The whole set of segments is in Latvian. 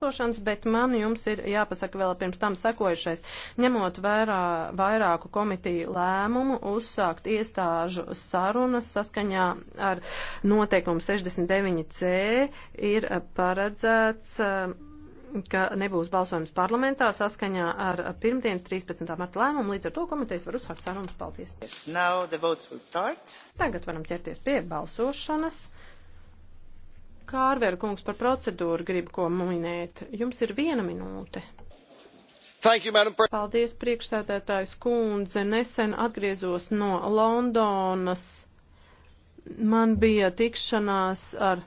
balsošanas, bet man jums ir jāpasaka vēl pirms tam sekojušais. Ņemot vērā vairāku komitiju lēmumu uzsākt iestāžu sarunas saskaņā ar noteikumu 69C ir paredzēts eh, ka nebūs balsojums parlamentā saskaņā ar pirmdienas 13. marta lēmumu. Līdz ar to komitejas var uzsākt sarunas. Paldies! Yes, Tagad varam ķerties pie balsošanas. Kārver kungs par procedūru grib ko minēt. Jums ir viena minūte. You, Paldies, priekšsēdētājs kundze. Nesen atgriezos no Londonas. Man bija tikšanās ar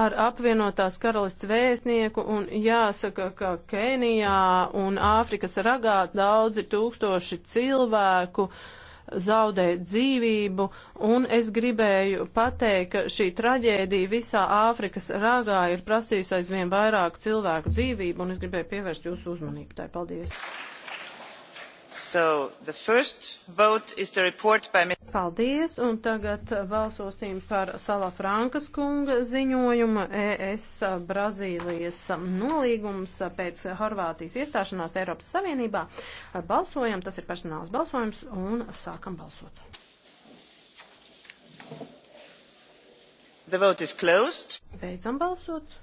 ar apvienotās karalists vēstnieku un jāsaka, ka Kenijā un Āfrikas ragā daudzi tūkstoši cilvēku uh, zaudēt dzīvību, un es gribēju pateikt, ka šī traģēdija visā Āfrikas ragā ir prasījusi aizvien vairāk cilvēku dzīvību, un es gribēju pievērst jūsu uzmanību. Tā, paldies! So, the first vote is the report by Paldies, un tagad balsosim par Sala Frankas kunga ziņojumu ES Brazīlijas nolīgums pēc Horvātijas iestāšanās Eiropas Savienībā. Balsojam, tas ir personāls balsojums, un sākam balsot. The vote is closed. Beidzam balsot.